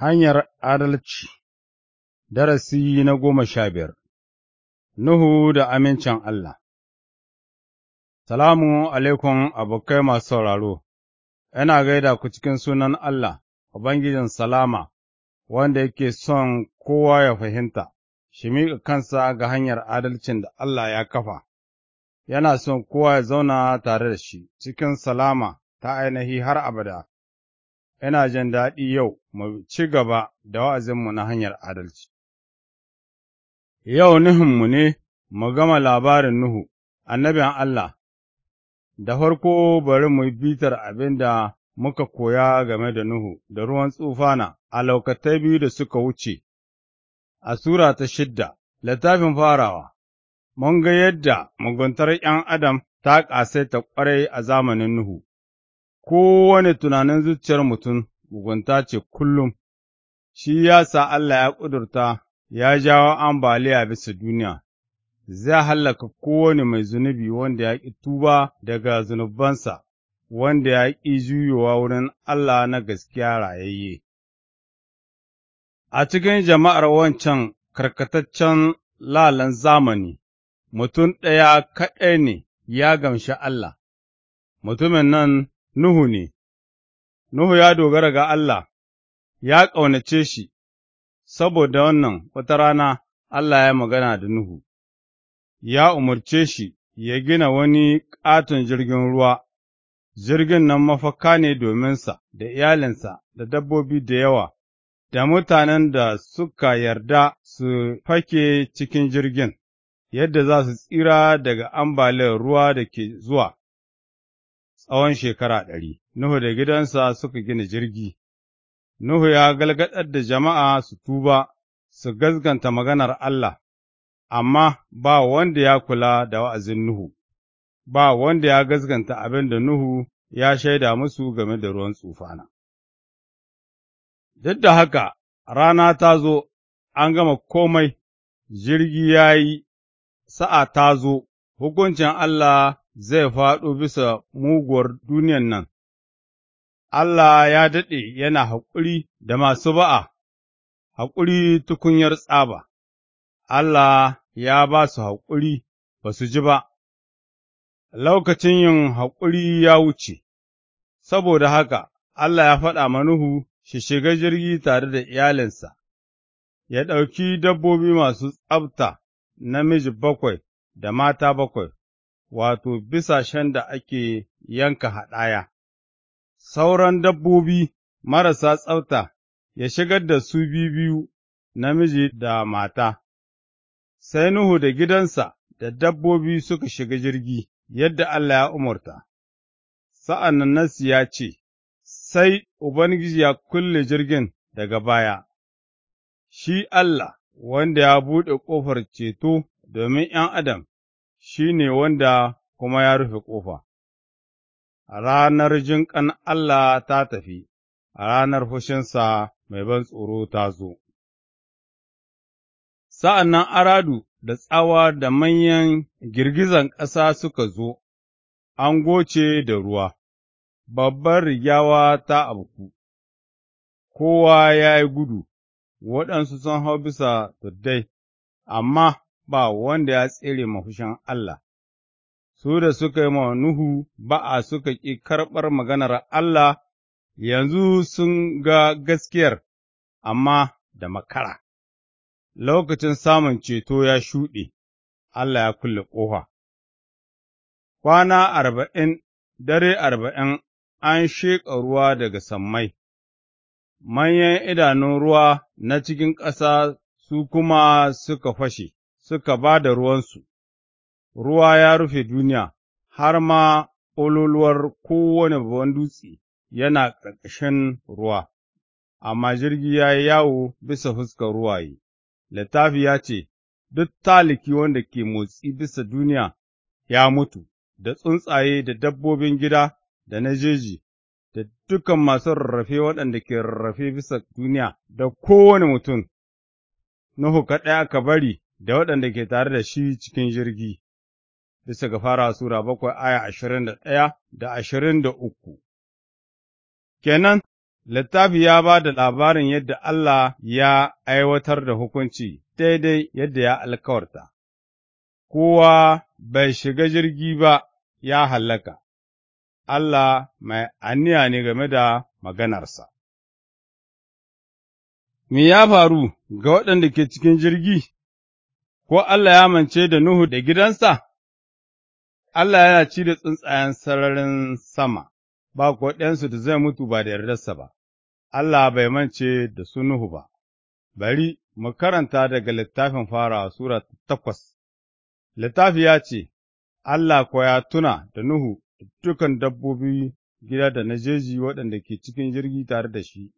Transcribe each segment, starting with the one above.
Hanyar adalci Darasi na goma sha biyar Nuhu da amincin Allah Salamu alaikum abokai masu sauraro, Yana gaida ku cikin sunan Allah, Ubangijin Salama, wanda yake son kowa ya fahimta, shi miƙa kansa ga hanyar adalcin da Allah ya kafa, yana son kowa ya zauna tare da shi cikin salama ta ainihi har abada. Ina jin daɗi yau mu ci gaba da wa'azinmu na hanyar adalci. Yau Nuhunmu ne mu gama labarin Nuhu, annabin Allah, da farko bari mu bitar abin da muka koya game da Nuhu da ruwan tsufana a laukatai biyu da suka wuce, a Sura ta shidda, littafin farawa, mun ga yadda muguntar ’yan Adam ta ƙasaita ƙwarai a zamanin Nuhu. kowane tunanin zuciyar mutum mugunta ce kullum, shi ya sa Allah ya ƙudurta ya jawo ambaliya bisa duniya, zai hallaka kowane mai zunubi wanda ya ƙi tuba daga zunubansa, wanda ya ƙi juyowa wurin Allah na gaskiya rayayye. A cikin jama'ar wancan karkataccen lalan zamani, mutum ɗaya kaɗai ne ya gamshi Allah, mutumin nan Nuhu ne, Nuhu ya dogara ga Allah, ya ƙaunace shi, saboda wannan wata rana Allah ya magana da Nuhu, ya umarce shi ya gina wani ƙaton jirgin ruwa, jirgin nan mafaka ne dominsa da iyalinsa da dabbobi da yawa, da mutanen da suka yarda su fake cikin jirgin, yadda za su tsira daga ambaliyar ruwa da ke zuwa. tsawon shekara ɗari, Nuhu da gidansa suka gina jirgi. Nuhu ya galgadar da jama'a su tuba, su gazganta maganar Allah, amma ba wanda ya kula da wa'azin Nuhu, ba wanda ya gazganta abin da Nuhu ya shaida musu game da ruwan tsufana. Duk da haka, rana ta zo, an gama komai, jirgi ya yi, sa'a ta zo, hukuncin Allah zai faɗo bisa muguwar duniyan nan. Allah ya daɗe yana haƙuri da masu ba'a, haƙuri tukunyar tsaba, Allah ya ba su haƙuri ba su ji ba, lokacin yin haƙuri ya wuce, saboda haka Allah ya faɗa manuhu shi shiga jirgi tare da iyalinsa, ya ɗauki dabbobi masu tsabta namiji bakwai da mata bakwai, wato bisashen da ake yanka haɗaya, sauran dabbobi marasa tsafta ya shigar da su biyu namiji da mata, sai Nuhu da gidansa da dabbobi suka shiga jirgi yadda Allah ya umarta. Sa'an nan nasi ya ce, Sai Ubangiji ya kulle jirgin daga baya, shi Allah wanda ya buɗe ƙofar ceto domin ’yan Adam shi ne wanda kuma ya rufe ƙofa. Ranar jinƙan Allah ta tafi, a ranar fushinsa mai ban tsoro ta zo. Sa'an nan aradu da tsawa da manyan girgizan ƙasa suka zo, an goce da ruwa, babbar rigawa ta abuku, kowa ya yi gudu, waɗansu sun hau bisa tuddai, amma ba wanda ya tsere mahushin Allah. Su da suka yi ma Nuhu a suka ƙi karɓar maganar Allah, yanzu sun ga gaskiyar, amma da makara. Lokacin samun ceto ya shuɗe, Allah ya kulle ƙofa. Kwana arba'in, dare arba'in an sheƙa ruwa daga sammai, manyan idanun ruwa na cikin ƙasa su kuma suka fashe, suka ba da ruwansu, ruwa ya rufe duniya, har ma ololuwar kowane babban dutse yana ƙarƙashin ruwa, amma jirgi ya yi yawo bisa fuskar ruwaye. Littafi ya ce, Duk taliki wanda ke motsi bisa duniya ya mutu, da tsuntsaye da dabbobin gida da na jeji, da dukan masu rarrafe waɗanda ke rarrafe bisa duniya da kowane mutum, Nuhu kaɗai aka bari da waɗanda ke tare da shi cikin jirgi, bisa ga fara Sura bakwai aya ashirin da ɗaya da ashirin da uku. Kenan, littafi ya ba da labarin yadda Allah ya aiwatar da hukunci daidai yadda ya alkawarta, kowa bai shiga jirgi ba ya hallaka, Allah mai aniya ne game da maganarsa. Me ya faru ga waɗanda ke cikin jirgi? ko Allah ya mance da Nuhu da gidansa? Allah yana ci da tsuntsayen sararin sama, ba ko da zai mutu ba da yardarsa ba, Allah bai mance da su Nuhu ba, bari mu karanta daga littafin fara Sura takwas. Littafi ya ce, Allah ko ya tuna da Nuhu da dukan dabbobi gida da na jeji waɗanda ke cikin jirgi tare da shi,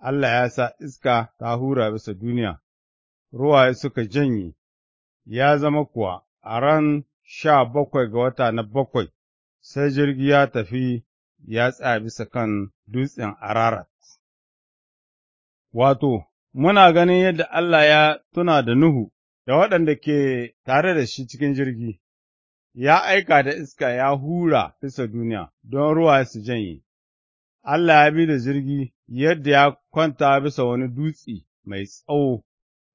Allah ya sa iska ta hura bisa duniya, ruwaye suka janye, ya zama kuwa a ran sha bakwai ga wata na bakwai, sai jirgi ya tafi ya tsaya bisa kan dutsen Ararat. Wato, muna ganin yadda Allah ya tuna da Nuhu da waɗanda ke tare da shi cikin jirgi, ya aika da iska ya hura bisa duniya don ruwa su janye. Allah ya bi da jirgi yadda ya kwanta bisa wani dutsi mai tsawo,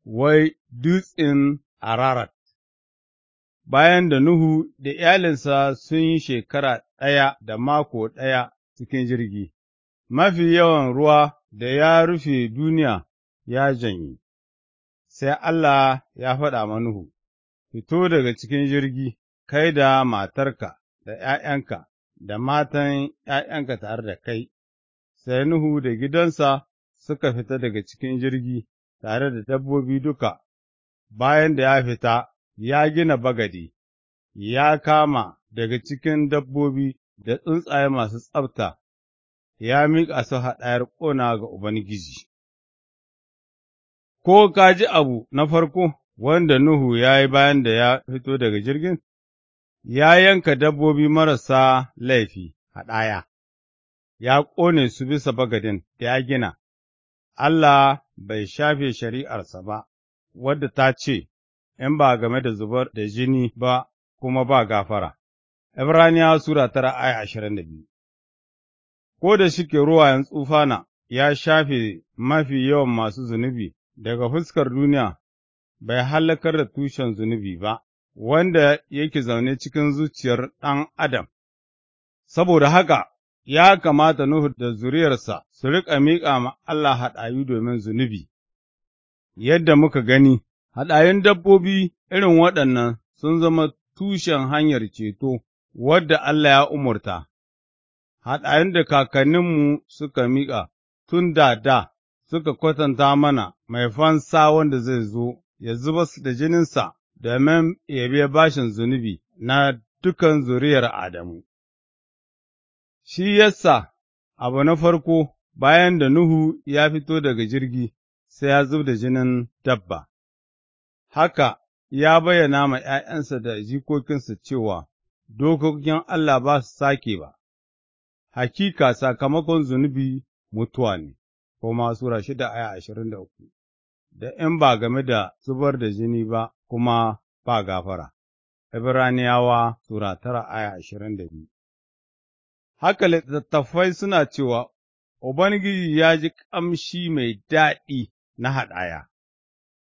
wai dutsen Ararat. Bayan da Nuhu da iyalinsa sun yi shekara ɗaya da mako ɗaya cikin jirgi, mafi yawan ruwa da ya rufe duniya ya janye, sai Allah ya faɗa ma Nuhu, Fito daga cikin jirgi, kai da matarka da ’ya'yanka da matan ’ya'yanka tare da kai, sai Nuhu da gidansa suka fita daga cikin jirgi tare da dabbobi duka bayan da ya fita ya gina bagadi, ya kama daga cikin dabbobi da tsuntsaye masu tsabta, ya miƙa su haɗayar ƙona ga Ubangiji. Ko ka ji abu na farko wanda Nuhu ya yi bayan da ya fito daga jirgin? Ya yanka dabbobi marasa laifi haɗaya, ya ƙone su bisa bagadin da ya gina, Allah bai shafe shari'arsa ba. wadda ta ce, ‘Yan ba game da zubar da jini ba kuma ba gafara’, Ibraniya Sura tara ai ashirin da biyu. Ko da shike ruwayen tsufana ya shafe mafi yawan masu zunubi daga fuskar duniya, bai halakar da tushen zunubi ba, wanda yake zaune cikin zuciyar ɗan Adam. Saboda haka, ya kamata Nuhu da zuriyarsa su riƙa miƙa ma Allah haɗayu domin zunubi. yadda muka gani, haɗayen dabbobi irin waɗannan sun zama tushen hanyar ceto wadda Allah ya umurta, haɗayen da kakanninmu suka miƙa tun da da suka kwatanta mana mai fansa wanda zai zo ya zuba da jininsa domin ya biya bashin zunubi na dukan zuriyar Adamu. Shi yasa abu na farko bayan da Nuhu ya fito daga jirgi, sai ya zub da jinin dabba. Haka ya bayyana ma ’ya'yansa da jikokinsa cewa dokokin Allah ba su sake ba, hakika sakamakon zunubi mutuwa ne, kuma Sura shida aya ashirin da uku, da in ba game da zubar da jini ba kuma ba gafara, Ibraniyawa Sura tara aya ashirin da biyu. Haka littattafai suna cewa Ubangiji ya ji ƙamshi mai daɗi na haɗaya.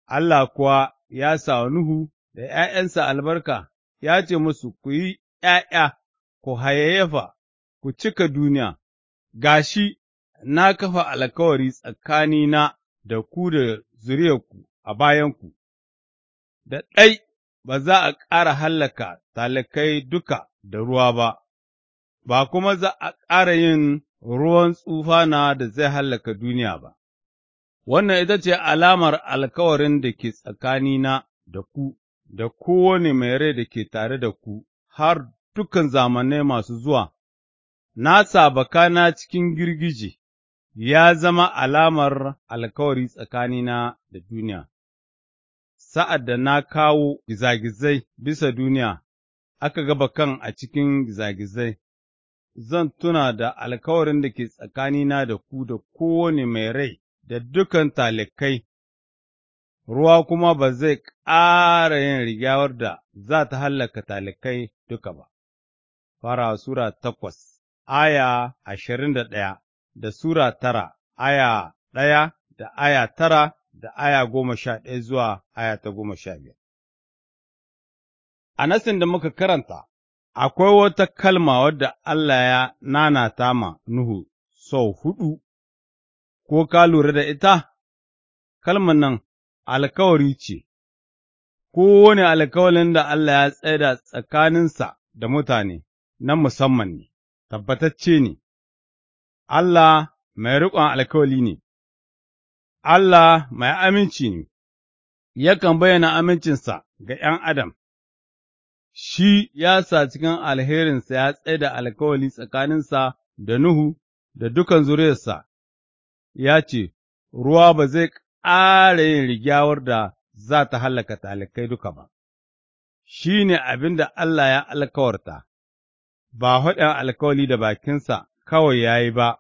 Allah kuwa ya sa Nuhu da ’ya'yansa albarka, ya ce musu, Ku yi ’ya'ya, ku hayayyafa, ku cika duniya, gashi na kafa alkawari tsakanina da ku da zuriyarku a bayanku, da ɗai ba za a ƙara hallaka talakai duka da ruwa ba, ba kuma za a ƙara yin ruwan tsufana da zai hallaka duniya ba. Wannan ita ce alamar alkawarin da ke tsakanina da ku, da kowane mai rai da ke tare da ku, har dukan zamanai masu zuwa, na sabakana cikin girgije, ya zama alamar alkawari tsakanina da duniya. Sa'ad da na kawo gizagizai bisa duniya, aka gaba kan a cikin gizagizai, zan tuna da alkawarin da ke tsakanina da ku da kowane mai rai da dukan talikai, ruwa kuma ba zai ƙara yin rigyawar da za ta hallaka talikai duka ba. Fara Sura takwas, aya ashirin da ɗaya, da Sura tara, aya ɗaya da aya tara da aya goma sha ɗaya zuwa aya ta goma sha biyar. A nasin da muka karanta, akwai wata kalma wadda Allah ya nanata ma Nuhu sau huɗu ko ka lura da ita, kalman nan alkawari ce, kowane alkawalin da Allah ya tsaida tsakaninsa da mutane na musamman ne, tabbatacce ne, Allah mai riƙon alkawali ne, Allah mai aminci ne, yakan bayyana amincinsa ga ’yan Adam. shi ya sa cikin alherinsa ya tsaida alkawali tsakaninsa da Nuhu da dukan zuriyarsa ya ce, Ruwa ba zai ƙara yin rigyawar da za ta hallaka talikai duka ba, shi ne abin da Allah ya alkawarta, ba haɗin alkawali da bakinsa kawai ya yi ba,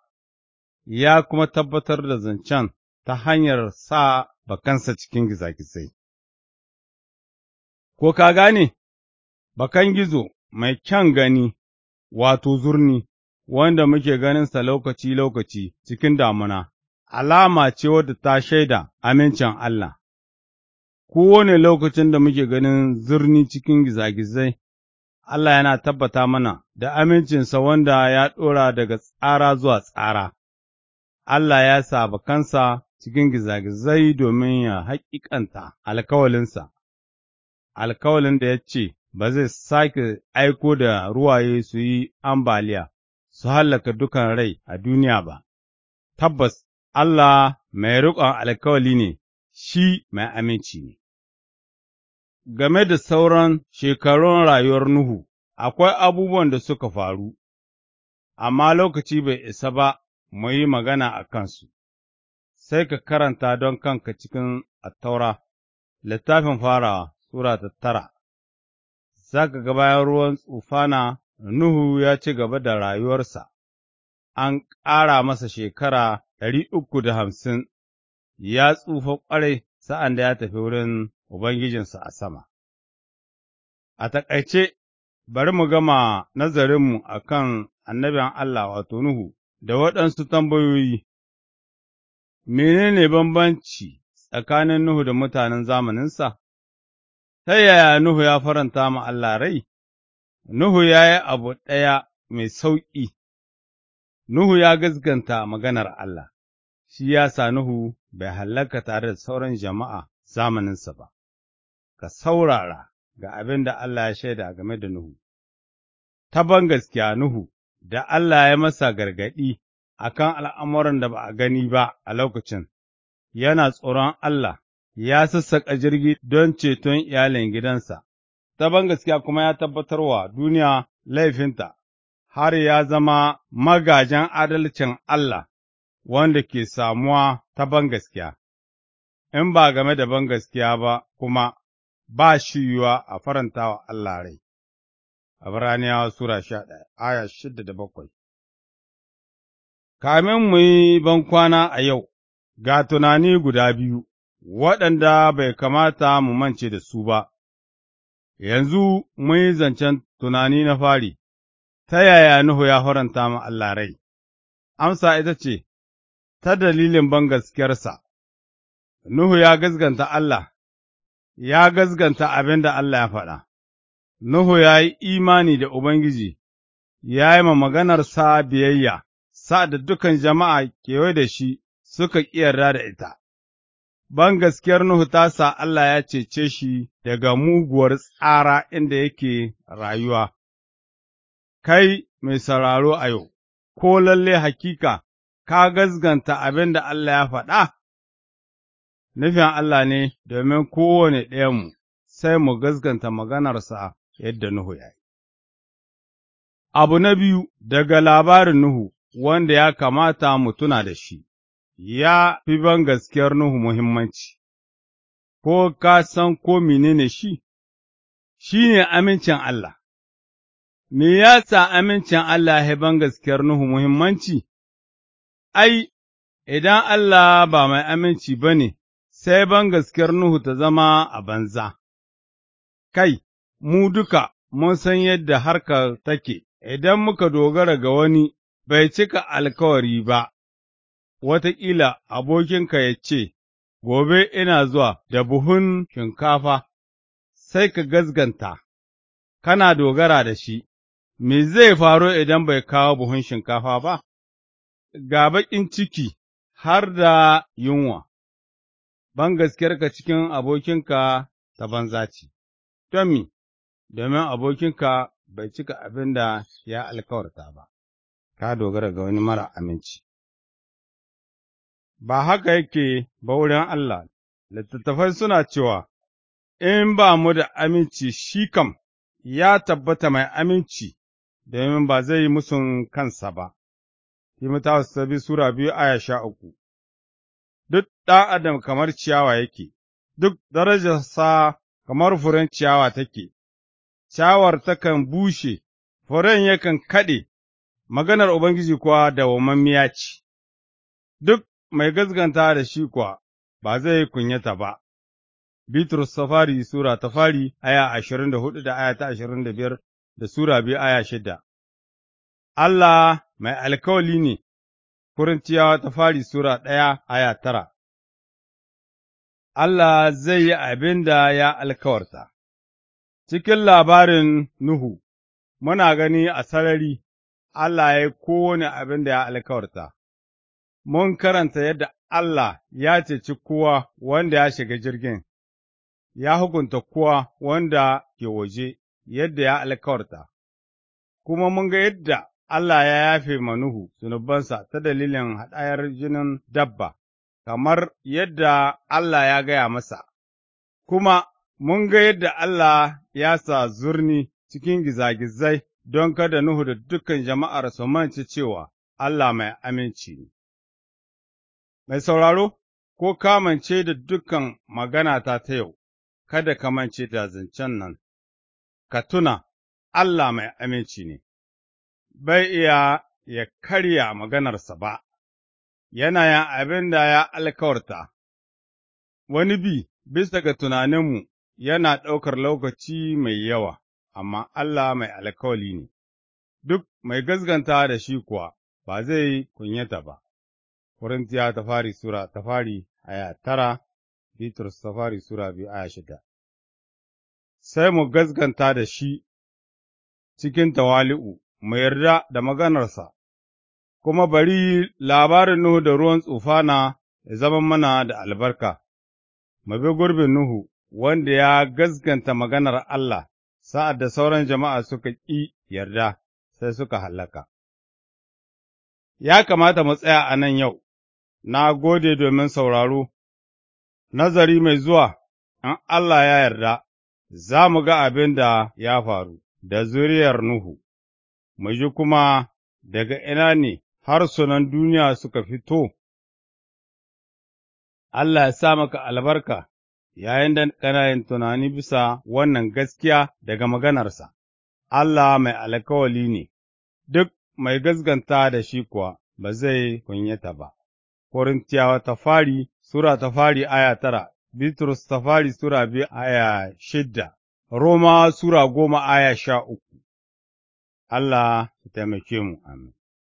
ya kuma tabbatar da zancen ta hanyar sa bakansa cikin gizagizai. Ko ka gane, bakan gizo mai kyan gani, wato zurni, wanda muke ganinsa lokaci-lokaci cikin damuna. alama ce wadda ta shaida amincin Allah. Kowane lokacin da muke ganin zurni cikin gizagizai, Allah yana tabbata mana da amincinsa wanda ya ɗora daga tsara zuwa tsara. Allah ya saba kansa cikin gizagizai domin ya haƙiƙanta alkawalinsa, alkawalin da ya ce ba zai sake aiko da ruwaye su yi ambaliya su hallaka dukan rai a duniya ba, tabbas Allah mai riƙon alkawali ne, shi mai aminci ne. Game da sauran shekarun rayuwar Nuhu, akwai abubuwan da suka faru, amma lokaci bai isa ba mu yi magana a kansu, sai ka karanta don kanka cikin attaura, littafin farawa, Sura ta tara, za ka ga bayan ruwan tsufana Nuhu ya ci gaba da rayuwarsa, an ƙara masa shekara ɗari uku da hamsin ya tsufa ƙwarai sa'an da ya tafi wurin Ubangijinsa a sama. A taƙaice, bari mu gama nazarinmu a kan annabin Allah wato Nuhu da waɗansu tambayoyi. Menene bambanci tsakanin Nuhu da mutanen zamaninsa? Ta yaya Nuhu ya faranta ma Allah rai? Nuhu ya yi abu ɗaya mai sauƙi, Nuhu ya gaskanta maganar Allah, shi ya sa Nuhu bai hallaka tare da sauran jama'a zamaninsa ba, ka saurara ga abin da Allah ya shaida game da Nuhu. Ta ban gaskiya Nuhu, da Allah ya masa gargaɗi a kan al'amuran da ba a gani ba a lokacin, yana tsoron Allah, ya sassaƙa jirgi don ceton iyalin gidansa, ta ban gaskiya kuma ya tabbatarwa duniya laifinta har ya zama magajin adalcin Allah, wanda ke samuwa ta bangaskiya, in ba game da bangaskiya ba kuma ba shi yiwa a faranta wa Allah rai. Abraniyawa Sura sha aya shida da bakwai Kamin mu yi bankwana a yau, ga tunani guda biyu, waɗanda bai kamata mu mance da su ba, yanzu mun yi zancen tunani na fari, Ta yaya Nuhu ya haranta ma Allah rai? Amsa ita ce, Ta dalilin bangaskiyarsa, Nuhu ya gazganta Allah, ya gazganta abin da Allah ya faɗa, Nuhu ya yi imani da Ubangiji, ya yi ma maganarsa biyayya, sa'ad da dukan jama'a kewaye da shi suka ƙiyarra da ita. ban gaskiyar Nuhu ta sa Allah ya cece shi daga muguwar tsara inda yake rayuwa, kai mai sauraro a yau, ko lalle hakika ka gazganta abin da Allah ya faɗa? Nufin Allah ne domin kowane ɗayanmu sai mu gazganta maganarsa yadda Nuhu ya yi. Abu na biyu daga labarin Nuhu wanda ya kamata mu tuna da shi, ya fi ban gaskiyar Nuhu muhimmanci, ko ka san ko menene shi, shi ne amincin Allah. Me ya sa amincin Allah ya ban gaskiyar Nuhu muhimmanci? Ai, idan Allah ba mai aminci ba ne, sai ban gaskiyar Nuhu ta zama a banza. Kai, mu duka mun san yadda harkar take, idan muka dogara ga wani bai cika alkawari ba, wataƙila abokinka ya ce, Gobe ina zuwa da buhun shinkafa, sai ka gazganta, kana dogara da shi, Me zai faru idan bai kawo buhun shinkafa ba, ga baƙin ciki har da yunwa, Ban gaskiyarka cikin abokinka ta banza ce, don domin abokinka bai cika abin da ya alkawarta ba, ka dogara ga wani mara aminci. Ba haka yake ba wurin Allah, littattafai suna cewa, In ba mu da aminci shi kam, ya tabbata mai aminci domin ba zai yi musun kansa ba. Timotaus ta bi Sura biyu aya sha uku Duk ɗan adam kamar ciyawa yake, duk darajarsa kamar furen ciyawa take, ciyawar takan bushe, furen yakan kaɗe, maganar Ubangiji kuwa dawwamammiya ce, duk mai gazganta da shi kuwa ba zai kunyata ba. Bitrus Safari Sura ta fari aya ashirin da hudu da aya ta ashirin da biyar da Sura biyu aya shida. Allah mai alkawali ne, Kurintiyawa ta fari Sura ɗaya aya tara. Allah zai yi abin da ya alkawarta. Cikin labarin Nuhu, muna gani a sarari Allah ya yi kowane abin da ya alkawarta, mun karanta yadda Allah ya ceci kowa wanda ya shiga jirgin, ya hukunta kowa wanda ke waje, yadda ya alkawarta, kuma mun ga yadda Allah ya yafe manuhu zunubansa ta dalilin haɗayar jinin dabba, kamar yadda Allah ya gaya masa, kuma mun ga yadda Allah ya sa zurni cikin gizagizai don kada Nuhu da dukkan jama'ar su manci cewa Allah mai aminci Mai sauraro, ko kamance da dukan maganata ta yau, kada ka mance da zancen nan. ka tuna Allah mai aminci ne, bai iya ya karya maganarsa ba, yana yin abin da ya alkawarta, wani bi bisa ga tunaninmu yana ɗaukar lokaci mai yawa, amma Allah mai alkawali ne, duk mai gaskanta da shi kuwa ba zai kunyata ba. Kurintiya ta fari Sura ta fari aya tara, Bitrus ta fari Sura biyu aya shida. sai mu gazganta da shi cikin tawali'u, mu yarda da maganarsa, kuma bari labarin Nuhu da ruwan tsufana ya zama mana da albarka, mu bi gurbin Nuhu wanda ya gazganta maganar Allah sa'ad da sauran jama'a suka ƙi yarda sai suka hallaka. Ya kamata mu tsaya a nan yau, na gode domin sauraro, nazari mai zuwa, in Allah ya yarda. za mu ga abin da ya faru da zuriyar Nuhu, mu ji kuma daga ina ne harsunan duniya suka fito. Allah ya sa maka albarka yayin da kana yin tunani bisa wannan gaskiya daga maganarsa, Allah mai alkawali ne, duk mai gaskanta da shi kuwa ba zai kunyata ba. Korintiyawa ta fari Sura ta fari aya tara Bitrus safari Sura biyu aya shidda, Roma Sura goma aya sha uku, Allah ya taimake mu, amin.